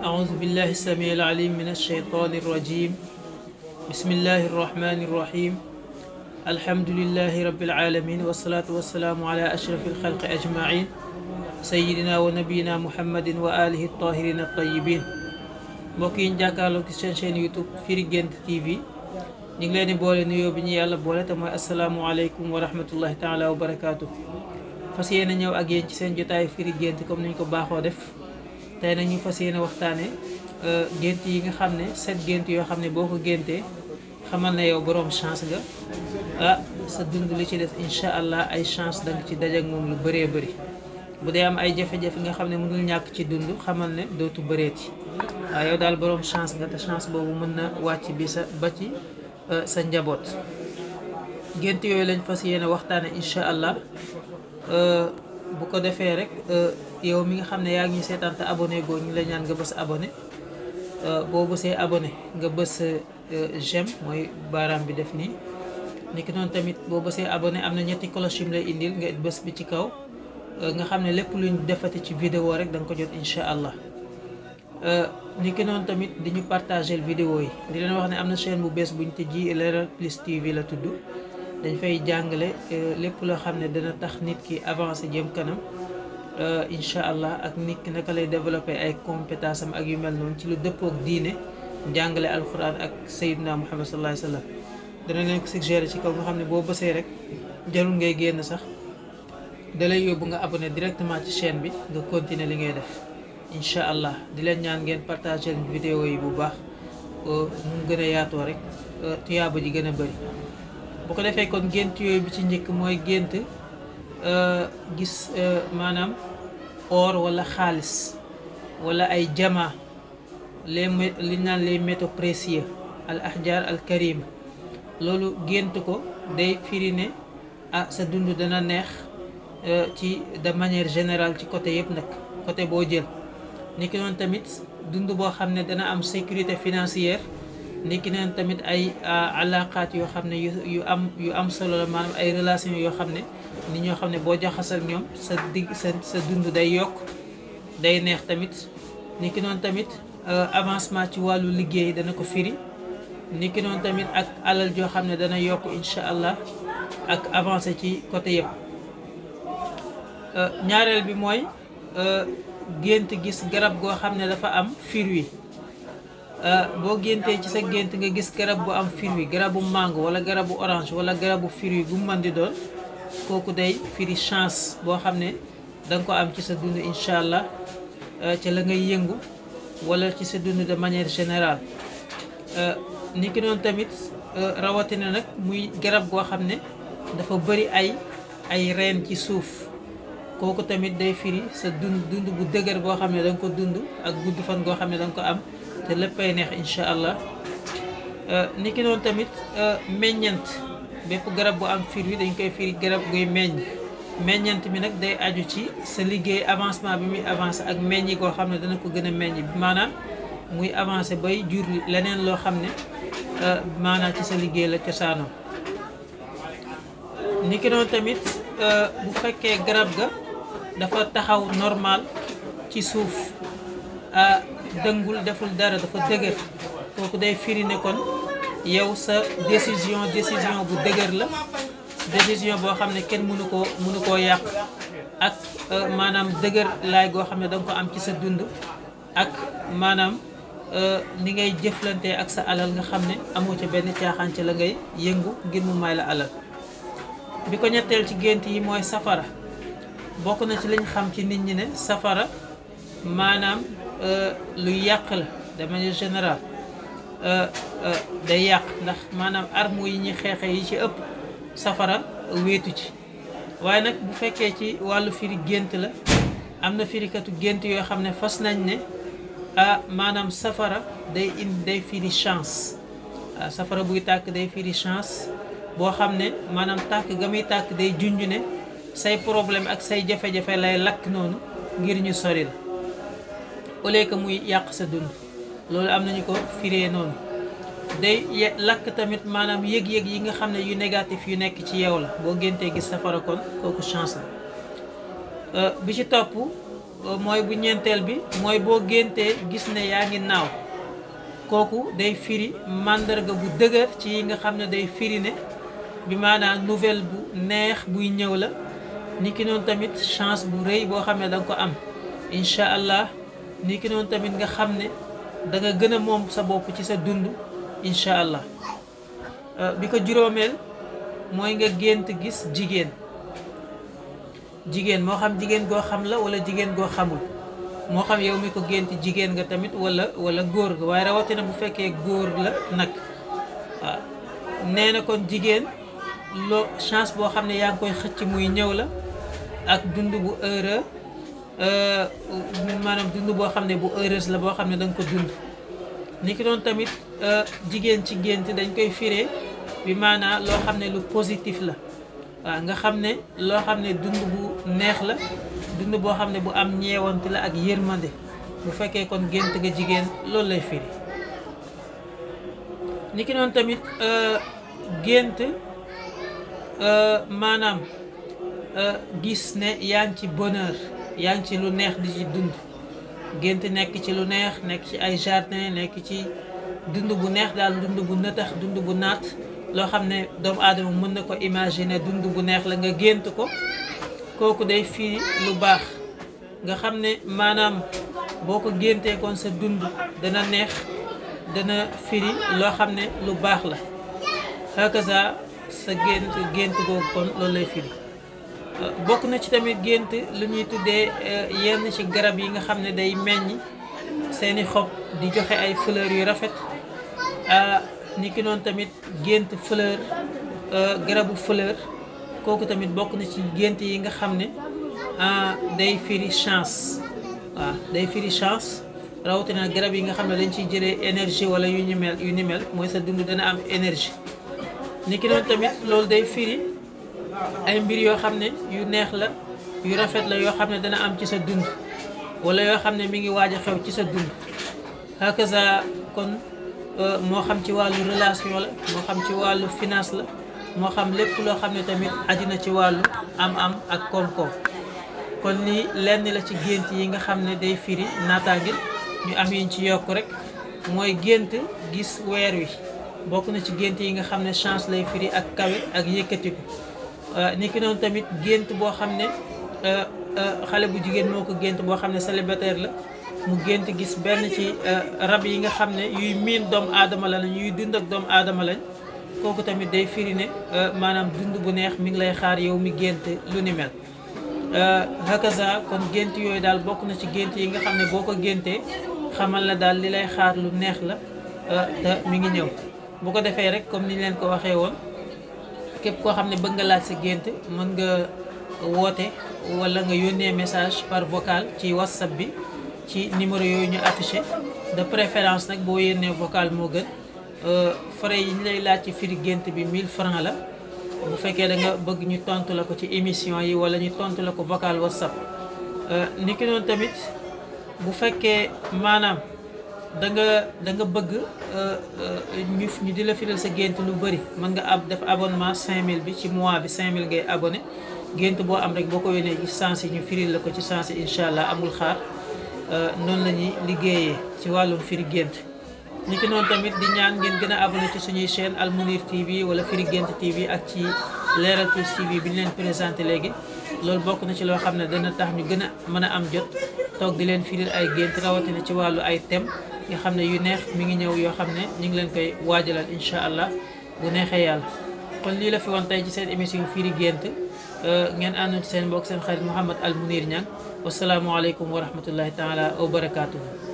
أعوذ بالله السميع العليم من الشيطان الرجيم بسم الله الرحمن الرحيم الحمد لله رب العالمين والصلاة والسلام على أشرف الخلق أجمعين سيدنا ونبينا محمد وآله الطاهرين الطيبين موكين جاكا كسشن شين يوتيوب في جنت تي في ñu ngi leen di boole nuyoo bi ñu yàlla boole te mooy asalaamualeykum wa rahmatullahi taala wa barakaatu fas yéene ñëw ak yéen te nag ñu fas yéene waxtaane euh, gént yi nga xam ne set gént yoo xam ne boo ko géntee xamal na yow boroom chance nga ah sa dund li ci des incha allah ay chance danga ci dajak moom lu baree bari bu dee am ay jafe-jafe nga xam ne mënul ñàkk ci dund xamal ne dootu bëreeti waaw ah, yow daal boroom chance nga te chance boobu mën na wàcc bi sa ba ci euh, sa njaboot gént yooyu lañ fas yéene waxtaane incha allah euh, bu ko defee rek yow mi nga xam ne yaa ngi ñu seetaan te abonné goo ñu lay ñaan nga bës abonné euh, boo bësee abone nga bës euh, j'aime mooy baaraam bi def nii niki noonu tamit boo bësee abone am na ñetti cloche yu mu lay nga bës bi ci kaw euh, nga xam ne lépp luñ defate ci vidéo rek da ko jot incha allah niki noonu tamit di partagel vidéo yi di leen wax ne am na chaîne bu bees buñ te ji Leral Plus TV la tudd dañ fay jàngale lépp loo xam ne dina tax nit ki avancer jëm kanam Euh, incha allah ak nit ki naka lay développé ay compétence am ak yu mel noonu ci lu dëppook diine njàngale alquran ak sayidna muhammad sallallahu alayhi wa sallam dana leen ko suggéré ci kaw nga xam ne boo bësee rek jarul ngay génn sax dalay yóbbu nga abone directement ci chaîne bi nga continuer li ngay def incha allah di leen ñaan ngeen partager vidéo yi bu baax mu gën a yaatoo rek euh, tuyaaba ji gën a bëri bu ko defee kon gént yooyu bi ci njëkk mooy gént gis maanaam or wala xaalis wala ay jama les li naan les métaux précieux al ahjar al karim loolu gént ko day firi ne ah sa dund dana neex ci de manière générale ci côté yëpp nag côté boo jël niki noonu tamit dund boo xam ne dana am sécurité financière niki noonu tamit ay alaqaat yoo xam ne yu am yu am solo la maanaam ay relation yoo xam ne ni ñoo xamne bo jaxassal ñom sa dig sa sa dund day yok day neex tamit ni ki noonu tamit avancement ci walu liggéey dana ko firi ni ki noonu tamit ak alal jo xamne dana yok incha allah ak avancer ci côté yëpp ñaarel bi mooy gént gis garab go xamne dafa am fruit bo gënté ci sa gént nga gis garab bu am fruit garabu mango wala garabu orange wala garabu fruit bu mu mën di doon kooku day firi chance boo xam ne danga ko am ci sa dund incha allah euh, ca la ngay yëngu walla ci sa dund de manière générale euh, ni ki tamit euh, rawatina nag muy garab goo xam ne dafa bëri ay ay reen ci suuf kooku tamit day firi sa dund dund bu dëgër boo xam ne danga ko dund ak gudd fan goo xam ne danga ko am te léppay neex incha allah ni tamit meññant bépp garab bu am fir wi dañ koy firi garab guy meññ meññant bi nag day aju ci sa liggéey avancement bi muy avance ak meññi koo xam ne dana ko gën a meññ maanaam muy avancé bay jur leneen loo xam ne euh, maanaam ci sa liggéey la cosaanoo niki noonu tamit euh, bu fekkee garab ga dafa taxaw normal ci suuf euh, dëngul deful dara dafa dëgër kooku day firi ne yow sa décision décision bu dëgër la décision boo xam ne kenn mënu koo mënu koo yàq ak euh, maanaam dëgër laay goo xam ne danga ko am ci sa dund ak maanaam euh, ni ngay jëflante ak sa alal nga xam ne amoo ci benn caaxaan ci la ngay yëngu ngir mu may la alal bi ko ñetteel ci gént yi mooy safara bokk na ci liñ xam ci nit ñi ne safara maanaam euh, lu yàq la de manière général Euh, euh, day yàq ndax maanaam armes yi ñuy xeexee yi ci ëpp safara wéetu ci waaye nag bu fekkee ci wàllu firi gént la am na firikatu gént yoo xam ne fas nañ ne ah maanaam safara day indi day firi chance safara buy tàkk day firi chance boo xam ne maanaam tàkk ga muy tàkk day junj ne say problème ak say jafe-jafe lay lakk noonu ngir ñu sori la au lieu que muy yàq sa dund loolu am nañu ko firee noonu day lakk tamit maanaam yëg-yëg yi nga xam ne yu négatif yu nekk ci yow la boo géntee gis safara kon kooku chance la euh, bi ci topp euh, mooy bu ñeenteel bi mooy boo géntee gis ne yaa ngi naaw kooku day firi màndarga bu dëgër ci yi nga xam ne day firi ne bi maanaam nouvelle bu neex buy ñëw la ni ki noonu tamit chance bu rëy boo xam ne danga ko am incha allah ni ki noonu tamit nga xam ne danga nga gën a moom sa bopp ci sa dund incha allah euh, bi ko juróomeel mooy nga gént gis jigéen jigéen moo xam jigéen goo xam la wala jigéen goo xamul moo xam yow mi ko gént jigéen nga tamit walla wala góor nga waaye rawatina bu fekkee góor la nag waaw nee na kon jigéen loo chance boo xam ne yaa ngi koy xëcc muy ñëw la ak dund bu heureux Euh, maanaam dund boo xam ne bu heureuse la boo xam ne danga ko dund ni doon tamit euh, jigéen ci gént dañ koy firee bi maanaa loo xam ne lu positif la waaw nga xam ne loo xam ne dund bu neex la dund boo xam ne bu am ñeewante la ak yërmande bu fekkee kon gént nga jigéen loolu lay firi ni ki noonu tamit euh, gént maanaam gis ne yaa ngi ci bonheur yaa ngi ci lu neex di ci dund gént nekk ci lu neex nekk ci ay jardin nekk ci dund bu neex daal dund bu nëtax dund bu naat loo xam ne doomu aadama mën na ko imaginer dund bu neex la nga gént ko kooku day fii lu baax nga xam ne maanaam boo ko géntee kon sa dund dana neex dana firi loo xam ne lu baax la hakaza sa gént gént googu kon loolu lay firi bokk na ci tamit gént lu ñuy tuddee eh, yenn ci garab yi nga xam ne day meññ seeni xob di joxe ay fleurs yu rafet ah, ni ki noonu tamit gént fleur eh, garabu fleur kooku tamit bokk na ci gént yi nga xam ne ah, day firi chance waaw day firi chance rawatina garab yi nga xam ne dañ ciy jëlee énergie wala yu ni yu ni mooy sa dund dana am énergie ni noonu tamit loolu day firi ay mbir yoo xam ne yu neex la yu rafet la yoo xam ne dana am ci sa dund wala yoo xam ne mi ngi waaj a xew ci sa dund hakaza kon euh, moo xam ci wàllu relation la moo xam ci wàllu finance la moo xam lépp loo xam ne tamit aju ci wàllu am-am ak koom-koom kon lii lenn la ci gént yi nga xam ne day firi naataange ñu am yiñ ci yokk rek mooy gént gis weer wi bokk na ci gént yi nga xam ne chance lay firi ak kawe ak yëkkatiku Euh, ni ki noonu tamit gént boo xam ne euh, euh, xale bu jigéen moo ko gént boo xam ne célibataire la mu gént gis benn ci rab yi nga xam ne yuy miin doomu aadama la lañ yuy dund ak doomu aadama lañ kooku tamit day firi ne maanaam dund bu neex mi ngi lay xaar yow mi gént lu ni mel hakaza kon gént yooyu daal bokk na ci gént yi nga xam ne boo ko géntee xamal la daal li lay xaar lu neex la te mi ngi ñëw bu ko defee rek comme ni leen ko waxee woon képp koo xam ne bëgg nga laaj sa gént mën nga woote wala nga yónnee message par vocal ci whatsapp bi ci numéro yooyu ñu affiché de préférence nag boo yónnee vocal moo gën euh, frais yi ñu lay laaj ci firi gént bi mille francs la bu fekkee da nga bëgg ñu tontu la ko ci émission yi wala ñu tontu la ko vocal whatsapp euh, niki noonu tamit bu fekkee maanaam da nga da nga bëgg euh, euh, ñu ñu di la firal sa gént lu bëri mën nga ab def abonnement 5000 bi ci mois bi 5000 ngay abone gént boo am rek boo ko yónnee ci yi ñu firil la ko ci sens incha allah amul xaar euh, noonu la ñuy liggéeyee ci wàllum firi gént. ñu ci noonu tamit di ñaan ngeen gën a abonné ci suñuy chaîne Al Mounir TV wala Firi Gént TV ak ci Leral Plus TV bi ñu leen présenté léegi loolu bokk na ci loo xam ne dana tax ñu gën a mën a am jot toog di leen firil ay gént rawatina ci wàllu ay thème nga xam ne yu neex mi ngi ñëw yoo xam ne ñu ngi leen koy waajalal incha allah bu neexee yàlla kon lii la fi woon tey ci seen émission Firi Guent ngeen àndoon ci seen mbokk seen xarit Mouhamed Al Mounir Niang wasalaamualeykum wa rahmatullahi taala wa barakaatuhu